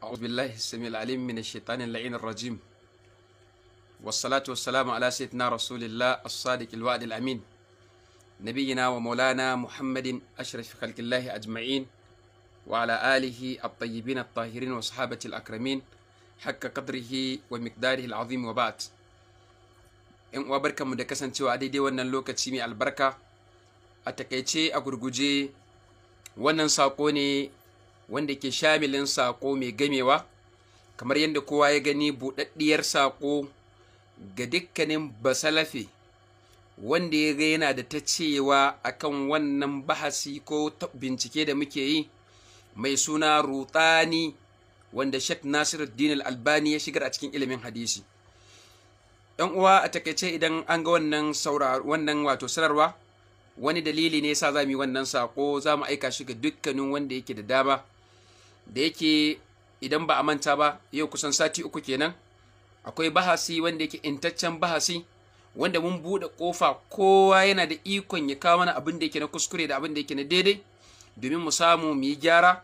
أعوذ بالله السميع العليم من الشيطان اللعين الرجيم والصلاة والسلام على سيدنا رسول الله الصادق الوعد الأمين نبينا ومولانا محمد أشرف خلق الله أجمعين وعلى آله الطيبين الطاهرين وصحابة الأكرمين حق قدره ومقداره العظيم وبعد إن وبركة مدكسن توعدي دي وانا لوكة تيمي البركة أتكيتي أقرقجي a ساقوني wanda ke shamilin sako mai gamewa kamar yadda kowa ya gani buɗaɗɗiyar sako ga dukkanin basalafe wanda ya ga yana da ta cewa akan wannan bahasi ko bincike da muke yi mai suna rutani wanda Sheikh Nasiru din albani ya shigar a cikin ilimin hadisi. Ɗan uwa a takaice idan an ga wannan wannan wato sararwa, wani dalili ne sa za mu yi wannan sako za mu aika shi ga dukkanin wanda yake da dama. da yake idan ba a manta ba yau kusan sati uku kenan akwai bahasi wanda yake intaccen bahasi wanda mun buɗe ƙofa kowa yana da ikon ya kawo mana abin da yake na kuskure da abin da yake na daidai domin mu samu mu yi gyara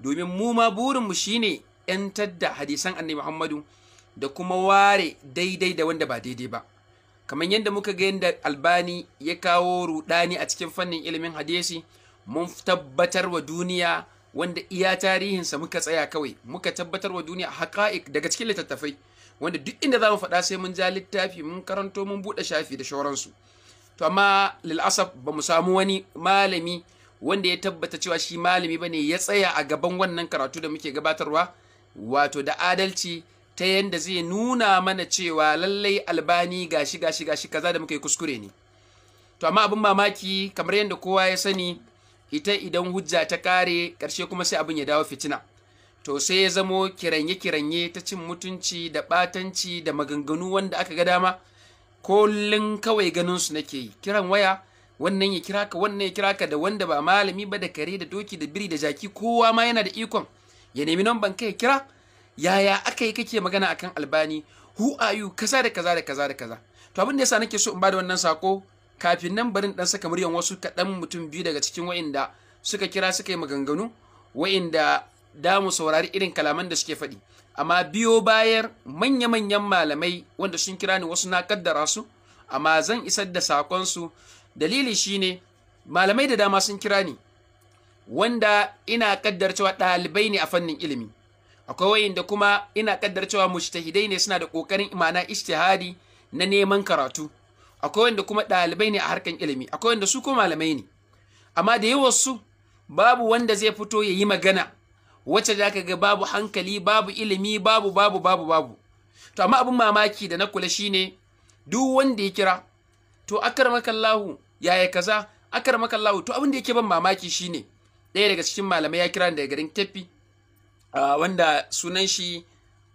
domin mu ma burin mu shine ƴantar da hadisan annabi Muhammadu da kuma ware daidai da wanda ba daidai ba kamar yadda muka ga yadda albani ya kawo rudani a cikin fannin ilimin hadisi mun tabbatar wa duniya wanda iya tarihinsa muka tsaya kawai muka tabbatar wa duniya haƙa'iq daga cikin littattafai wanda duk inda za mu faɗa sai mun ja littafi mun karanto mun buɗe shafi da shauransu to amma lil'asaf ba mu samu wani malami wanda ya tabbata cewa shi malami ba ne ya tsaya a gaban wannan karatu da muke gabatarwa wato da adalci ta yadda zai nuna mana cewa lallai albani gashi gashi gashi kaza da muka yi kuskure ne to amma abin mamaki kamar yadda kowa ya sani ita idan hujja ta kare ƙarshe kuma sai abin ya dawo fitina to sai ya zamo kiranye-kiranye ta cin mutunci da batanci da maganganu wanda aka ga dama kullum kawai ganin su nake yi kiran waya wannan ya kira ka wannan ya kira ka da wanda ba malami ba da kare da doki da biri da jaki kowa ma yana da ikon ya nemi nan kai ya kira yaya aka yi kake magana akan albani who are you kaza da kaza da kaza da kaza to abin da yasa nake so in ba da wannan sako kafin nan barin dan saka muryan wasu kaɗan mutum biyu daga cikin wa'inda suka kira suka yi maganganu wa'inda da mu saurari irin kalaman da suke faɗi amma biyo bayar manya-manyan malamai wanda sun kira ni wasu na kaddara su amma zan isar da su dalili shine malamai da dama sun kira ni wanda ina kaddar cewa ɗalibai ne a fannin ilimi akwai wayanda kuma ina kaddar cewa mujtahidai ne suna da ƙoƙarin imana istihari na neman karatu akwai wanda kuma ɗalibai ne a harkan ilimi akwai wanda su kuma malamai ne amma da yawan su babu wanda zai fito ya yi magana wacce da ka ga babu hankali babu ilimi babu babu babu babu to amma abin mamaki da na kula shine duk wanda ya kira to ya yaya kaza Lahu to abin da yake ban mamaki shine ɗaya daga cikin malamai ya kira daga garin Keffi wanda sunan shi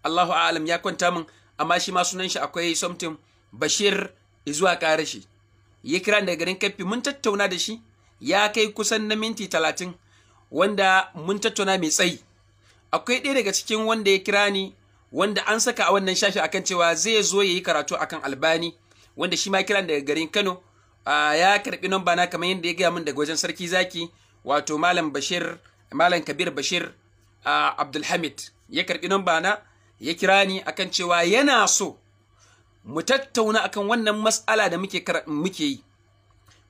Allahu a'lam ya kwanta min amma shi ma sunan shi akwai something Bashir zuwa shi ya kira daga garin kaffi mun tattauna da shi ya kai kusan na minti talatin wanda mun tattauna mai tsayi akwai ɗaya daga cikin wanda ya kira ni wanda an saka a wannan shafi akan cewa zai zo ya yi karatu akan albani wanda shi ma kiran daga garin kano ya karɓi nomba na kamar yadda ya gaya min daga wajen sarki zaki wato malam bashir malam kabir bashir abdulhamid ya karɓi namba na ya kira ni akan cewa yana so mu tattauna akan wannan matsala da muke muke yi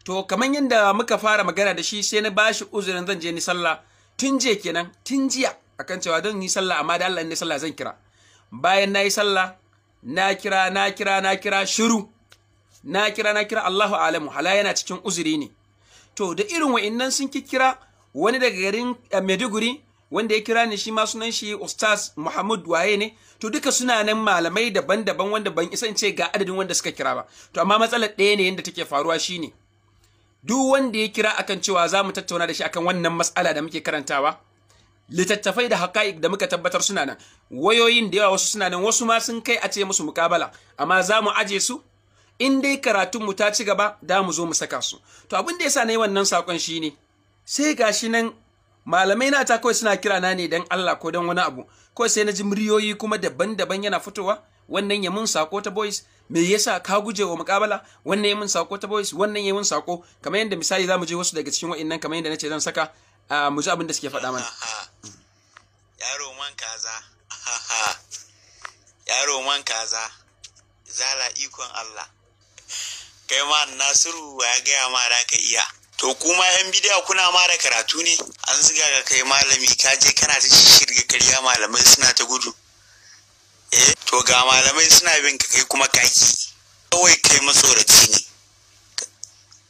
to kamar yadda muka fara magana da shi sai na bashi uzurin zan je ni sallah tun je kenan tun jiya akan cewa don yi sallah amma da Allah ne sallah zan kira bayan na yi sallah na kira na kira na kira shiru na kira na kira Allahu alamu hala yana cikin uzuri ne to da irin wa'innan sun kikira wani daga garin eh, Maiduguri wanda ya kira ni shi ma sunan shi ustaz muhammad waye ne to duka suna nan malamai daban-daban wanda ban isa ce ga adadin wanda suka kira ba to amma matsalar ɗaya ne yadda take faruwa shine duk wanda ya kira akan cewa za mu tattauna da shi akan wannan matsala da muke karantawa littattafai da haƙa'iq da muka tabbatar suna nan wayoyin da yawa wasu suna nan wasu ma sun kai a ce musu mukabala amma za mu aje su in dai karatun mu ta ci gaba da mu zo mu saka su to abin da yasa na yi wannan sakon shine sai gashi nan malamai na ta kawai suna kira na ne don Allah ko don wani abu ko sai na ji muryoyi kuma daban-daban yana fitowa wannan ya mun sako ta boys me yasa ka guje wa mukabala wannan ya mun sako ta boys wannan ya mun sako kamar yadda misali zamu je wasu daga cikin wa'annan kamar yadda nace zan saka mu ji abin da suke faɗa mana yaro man kaza yaro man kaza zala ikon Allah kai ma nasiru ya gaya ma da ka iya to kuma yan bidiyo kuna ma da karatu ne an ziga ga kai malami ka je kana ta shirga karya malamai suna ta gudu eh to ga malamai suna bin ka kai kuma kaki kawai kai matsoraci ne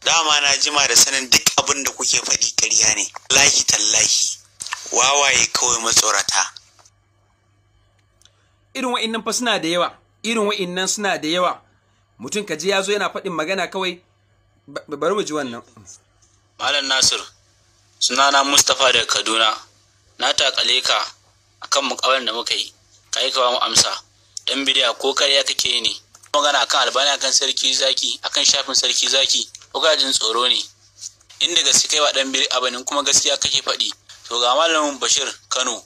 dama na jima da sanin duk abin da kuke faɗi karya ne lahi tallahi wawaye kawai matsorata irin wa'annan fa suna da yawa irin wa'annan suna da yawa mutum ka ya zo yana faɗin magana kawai bari mu ji wannan Malam Nasir, sunana Mustapha daga Kaduna, na takale ka akan mukawar da muka yi, ka yi mu amsa, dan bidiya ko karya kake ne. Magana akan albani akan sarki zaki, akan shafin sarki zaki, ko jin tsoro ne. Inda da gaske kai wa dan biri abanin kuma gaskiya kake faɗi, to ga malamin Bashir Kano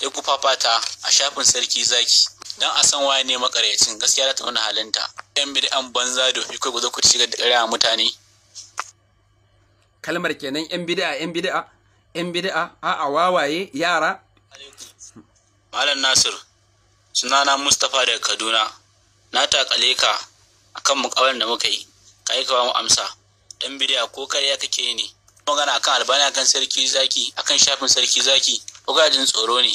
ya ku fafata a shafin sarki zaki. Dan a san waye ne makaryacin gaskiya da ta nuna halinta. Yan bidi an banza da kai ku zo ku shiga da ƙarya mutane. kalmar kenan yan bid'a yan bid'a yan bid'a a wawaye yara Malam Nasir sunana Mustapha daga Kaduna na takale ka akan mukawar da muka yi ka yi kawo mu amsa dan bidiya ko karya kake ne magana akan albani akan sarki zaki akan shafin sarki zaki ko jin tsoro ne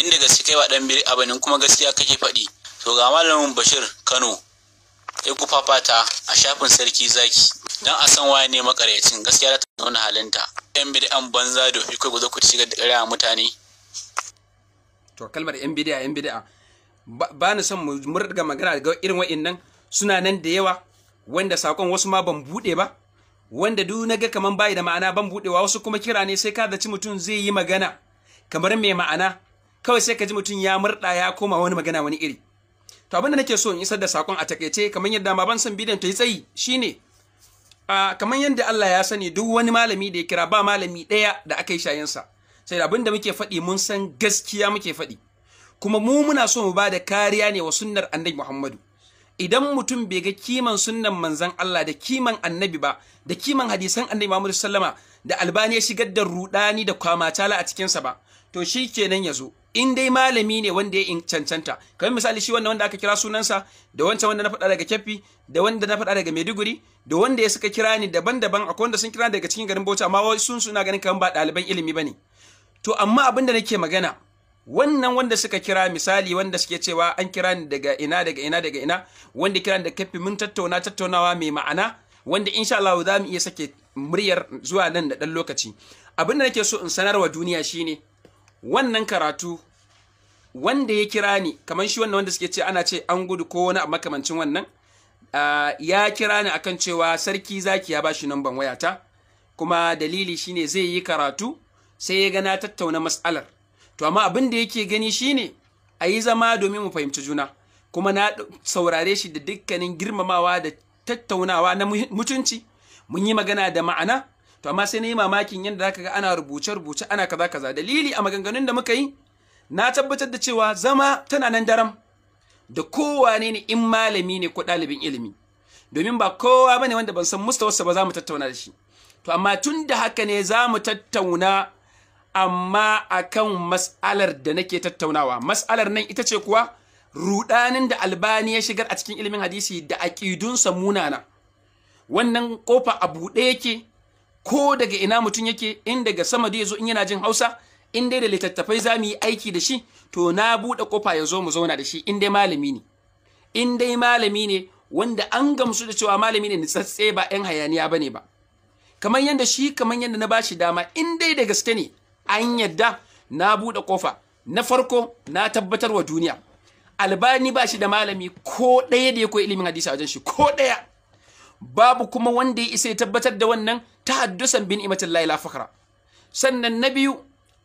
inda gaske kai wa dan biri banin kuma gaskiya kake faɗi to ga malamin Bashir Kano ya fata a shafin sarki zaki don a san waye ne makaryacin gaskiya ta nuna halinta yan bid'an banza da kai ku ku shiga da ƙarya mutane to kalmar yan bid'a yan bid'a ba ni son mu murga magana ga irin wa'annan suna nan da yawa wanda sakon wasu ma ban buɗe ba wanda duk na ga kamar bayi da ma'ana ban buɗewa wasu kuma kira ne sai ka zaci mutum zai yi magana kamar mai ma'ana kawai sai ka ji mutum ya murda ya koma wani magana wani iri to abinda nake so in isar da sakon a takaice kamar yadda ma ban san bidiyon ta yi tsayi shine a kamar yadda Allah ya sani duk wani malami da ya kira ba malami ɗaya da aka yi shayin sa sai abinda muke faɗi mun san gaskiya muke faɗi kuma mu muna so mu ba da kariya ne wa sunnar annabi Muhammadu idan mutum bai ga kiman sunnan Manzon Allah da kiman annabi ba da kiman hadisan annabi Muhammadu sallama da albani ya shigar da rudani da kwamatala a cikinsa ba to shi kenan ya zo in dai malami ne wanda ya cancanta kamar misali shi wannan wanda aka kira sunansa da wancan wanda na faɗa daga kyafi, da wanda na faɗa daga maiduguri da wanda ya suka kira ni daban-daban akwai wanda sun kira daga cikin garin bauta. amma sun suna ganin kamar ba ɗaliban ilimi ne. to amma abin da nake magana wannan wanda suka kira misali wanda suke cewa an kira ni daga ina daga ina daga ina wanda kira ni da kyafi mun tattauna tattaunawa mai ma'ana wanda insha Allah za mu iya sake muryar zuwa nan da ɗan lokaci abin da nake so in sanarwa duniya shine wannan karatu wanda ya kira ni kamar shi wannan wanda suke ce ana ce an gudu ko wani makamancin wannan ya kira ni akan cewa sarki zaki ya bashi namban wayata kuma dalili shine zai yi karatu sai ya gana tattauna matsalar to amma abin da yake gani shine a yi zama domin mu fahimci juna kuma na saurare shi da dukkanin girmamawa da tattaunawa na mutunci mun yi magana da ma'ana to amma sai na yi mamakin yadda zaka ga ana rubuce rubuce ana kaza kaza dalili a maganganun da muka yi na tabbatar da cewa zama tana nan daram da kowane ne in malami ne ko ɗalibin ilimi domin ba kowa bane wanda ban san mustawarsa ba za mu tattauna da shi to amma tun da haka ne za mu tattauna amma akan mas'alar da nake tattaunawa mas'alar nan ita ce kuwa rudanin da albani ya shigar a cikin ilimin hadisi da aƙidunsa munana wannan kofa a buɗe yake ko daga ina mutum yake in daga sama da zo in yana jin Hausa in dai da littattafai za mu yi aiki da shi to na buɗe kofa ya zo mu zauna da shi in dai malami ne in dai malami ne wanda an gamsu da cewa malami ne nitsatse ba 'yan hayaniya bane ba kamar yadda shi kamar yadda na bashi dama in dai da gaske ne an yadda na buɗe kofa na farko na tabbatar wa duniya albani ba shi da malami ko ɗaya da ya koyi ilimin hadisi a wajen shi ko ɗaya babu kuma wanda ya isa ya tabbatar da wannan tahaddusan bin imatin la fakhra sannan na biyu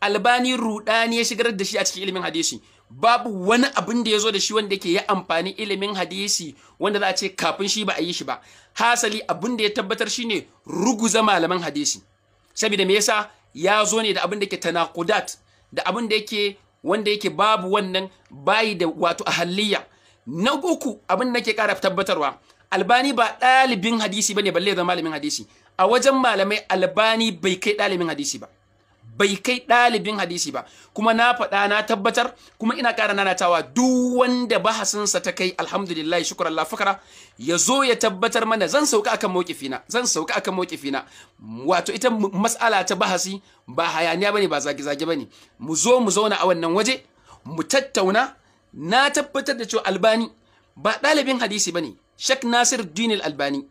albani rudani ya shigar da shi a cikin ilimin hadisi babu wani abin da ya zo da shi wanda yake ya amfani ilimin hadisi wanda za a ce kafin shi ba a yi shi ba hasali abin da ya tabbatar shi shine ruguza malaman hadisi saboda me yasa ya zo ne da abin da yake Tanakudat, da abin da yake wanda yake babu wannan bayi da wato ahalliya na uku abin da nake kara tabbatarwa albani ba ɗalibin hadisi bane balle zama malamin hadisi a wajen malamai albani bai kai ɗalibin hadisi ba bai kai ɗalibin hadisi ba kuma na faɗa na tabbatar kuma ina ƙara nanatawa duk wanda bahasinsa ta kai alhamdulillah shukran Allah fakara ya zo ya tabbatar mana zan sauka akan mawqifina zan sauka akan mawqifina wato ita mas'ala ta bahasi ba hayaniya bane ba zage zage bane mu zo mu zauna a wannan waje mu tattauna na tabbatar da cewa albani ba ɗalibin hadisi bane shek nasir dinil albani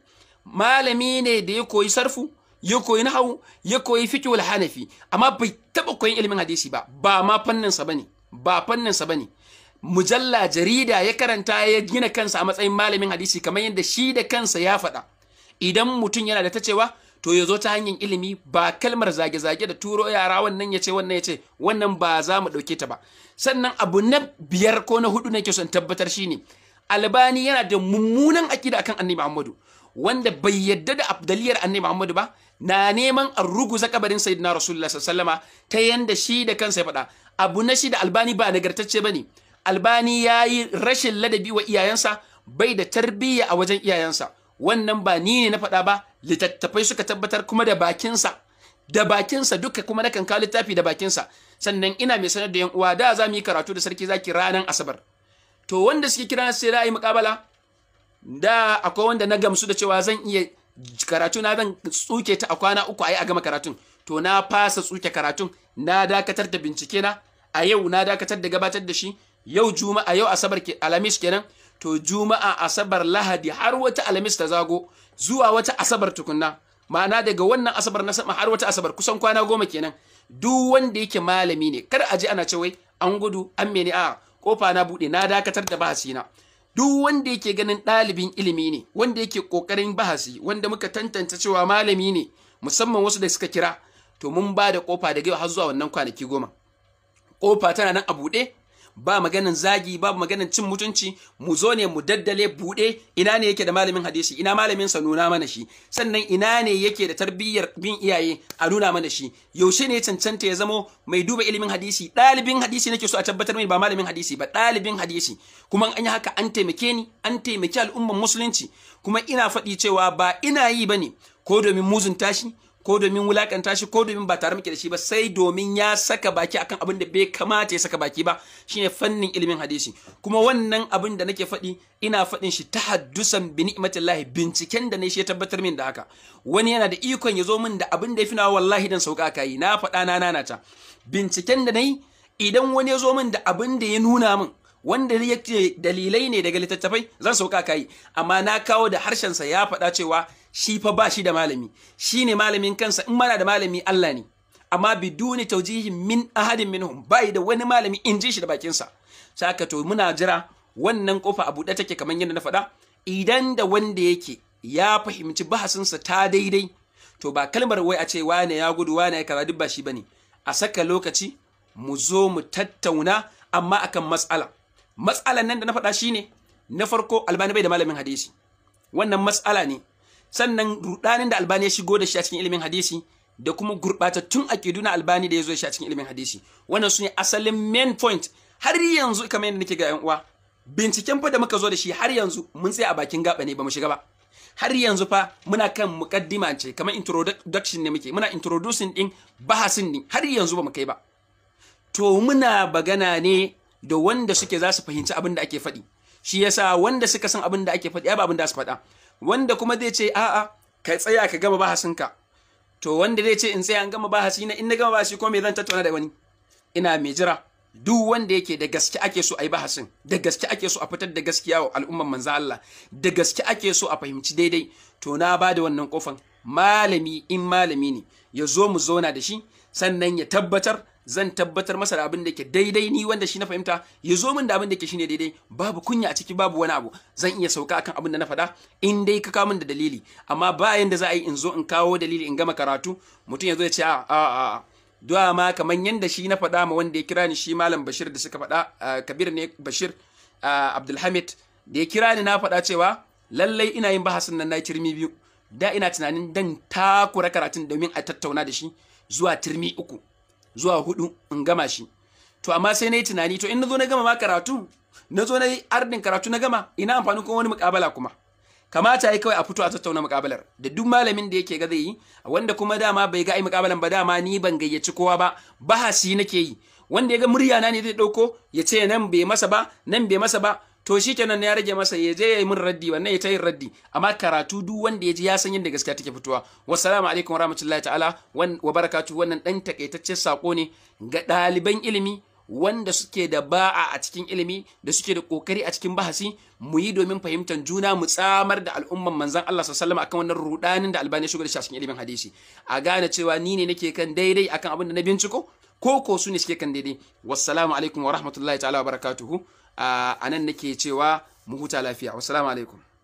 malami ne da ya koyi sarfu ya koyi nahawu ya koyi fiqh hanafi amma bai taba koyin ilimin hadisi ba ba ma fannin sa bane ba fannin sa bane mujalla jarida ya karanta ya gina kansa a matsayin malamin hadisi kamar yadda shi da kansa ya faɗa idan mutum yana da ta cewa to ya zo ta hanyar ilimi ba kalmar zage-zage da turo yara wannan ya ce wannan ya ce wannan ba za mu ɗauke ta ba sannan abu na biyar ko na hudu nake son tabbatar shi ne. albani yana da mummunan akida akan annabi muhammadu wanda bai yadda da abdaliyar annabi Muhammadu ba na neman an ruguza kabarin sayyidina rasulullah sallallahu ta yanda shi da kansa ya faɗa abu na shi da albani ba nagartacce bane albani yayi rashin ladabi wa iyayensa bai da tarbiyya a wajen iyayensa wannan ba ni ne na faɗa ba littattafai suka tabbatar kuma da bakinsa da bakinsa duka kuma na kawo littafi da bakinsa sannan ina mai sanar da yan uwa da za mu yi karatu da sarki zaki ranar asabar to wanda suke kira sai ra'ayi muƙabala da akwai wanda na gamsu da cewa zan iya karatu na zan tsuke ta a kwana uku a yi a gama karatun to na fasa tsuke karatun na dakatar da bincike na a yau na dakatar da gabatar da shi yau juma'a yau asabar alamis kenan to juma'a asabar lahadi har wata alamis ta zago zuwa wata asabar tukunna ma'ana daga wannan asabar na sama har wata asabar kusan kwana goma kenan duk wanda yake malami ne kar a ji ana cewa an gudu an mene a kofa na buɗe na dakatar da bahasi na duk wanda yake ganin ɗalibin ilimi ne wanda yake ƙoƙarin bahasi wanda muka tantance cewa malami ne musamman wasu da suka kira to mun ba da ƙofa daga yau har zuwa wannan kwanaki goma ƙofa tana nan a buɗe ba maganin zagi ba maganin cin mutunci mu zo ne mu daddale buɗe ina ne yake da malamin hadisi ina malamin sa nuna mana shi sannan ina ne yake da tarbiyyar bin iyaye a nuna mana shi yaushe ne cancanta ya zamo mai duba ilimin hadisi dalibin hadisi nake so a tabbatar mai ba malamin hadisi ba dalibin hadisi kuma an yi haka an taimake ni an taimaki al'umman musulunci kuma ina faɗi cewa ba ina yi bane ko domin muzunta shi ko domin wulakanta shi ko domin ba tare muke da shi ba sai domin ya saka baki akan abin da bai kamata ya saka baki ba shine fannin ilimin hadisi kuma wannan abin da nake faɗi ina faɗin shi ta bi ni'matillahi binciken da ne shi ya tabbatar min da haka wani yana da ikon ya zo min da abin da ya fi nawa wallahi dan sauka kai na faɗa na nana ta binciken da nayi idan wani ya zo min da abin da ya nuna min wanda yake dalilai ne daga littattafai zan sauka kai amma na kawo da harshen sa ya faɗa cewa shi fa ba shi da malami Shi ne malamin kansa in mana da malami Allah ne amma biduni taujihin min ahadin minhum bai da wani malami in ji shi da bakin sa saka to muna jira wannan kofa a buɗe take kamar yadda na faɗa idan da wanda yake ya fahimci bahasinsa ta daidai to ba kalmar wai a ce wane ya gudu wane ya kaza duk ba shi bane a saka lokaci mu zo mu tattauna amma akan matsala matsalan nan da na faɗa ne na farko albani bai da malamin hadisi wannan matsala ne sannan rudanin da albani ya shigo da shi a cikin ilimin hadisi da kuma gurɓatattun aƙidu na albani da ya zo shi a cikin ilimin hadisi wannan su ne asalin main point har yanzu kamar yadda nake ga yan uwa binciken fa da muka zo da shi har yanzu mun tsaya a bakin gaba ne ba mu shiga ba har yanzu fa muna kan mukaddima ce kamar introduction ne muke muna introducing din bahasin ne har yanzu ba mu kai ba to muna bagana ne da wanda suke za su fahimci abin da ake faɗi shi yasa wanda suka san abin da ake faɗi ba abin da su faɗa wanda kuma zai ce a'a ka tsaya ka gama bahasinka to wanda zai ce in tsaya in gama bahasi na in na gama bahasi ko me zan tattauna da wani ina mai jira duk wanda yake da gaske ake so a yi bahasin da gaske ake so a fitar da gaskiya wa al'umman manzo Allah da gaske ake so a fahimci daidai to na ba da wannan kofan malami in malami ne ya zo mu zauna da shi sannan ya tabbatar zan tabbatar masa da abin da ke daidai ni wanda shi na fahimta ya zo min da abin da ke shine daidai babu kunya a ciki babu wani abu zan iya sauka akan abin da na faɗa in dai ka kawo min da dalili amma bayan da za a yi in zo in kawo dalili in gama karatu mutum ya zo ya ce a a a duwa ma kamar yanda shi na faɗa ma wanda ya kira ni shi malam Bashir da suka faɗa Kabir ne Bashir Abdulhamid da ya kira ni na faɗa cewa lallai ina yin bahasin nan na kirmi biyu da ina tunanin dan takura karatun domin a tattauna da shi zuwa turmi uku zuwa hudu in gama shi to amma sai na yi tunani to in na zo na gama ma karatu na zo na yi ardin karatu na gama ina amfani kuma wani mukabala kuma kamata yi kawai a fito a tattauna mukabalar da duk malamin da yake ga zai yi wanda kuma dama bai ga ai mukabalan ba dama ni ban gayyaci kowa ba bahasi nake yi wanda ya ga murya na ne zai dauko ya ce nan bai masa ba nan bai masa ba to shi kenan ya rage masa ya je ya yi min raddi wannan ya ta yin raddi amma karatu duk wanda ya ji ya san yadda gaskiya take fitowa wassalamu alaikum wa rahmatullahi ta'ala wa barakatu wannan dan takaitaccen sako ne ga ɗaliban ilimi wanda suke da ba'a a cikin ilimi da suke da kokari a cikin bahasi mu yi domin fahimtar juna mu tsamar da al'umman manzan Allah sallallahu akan wannan rudanin da albani shugar shi a cikin ilimin hadisi a gane cewa ni ne nake kan daidai akan abin da na binciko ko ko su ne suke kan daidai wassalamu alaikum wa rahmatullahi ta'ala wa barakatuhu a nan nake cewa mu huta lafiya wassalamu alaikum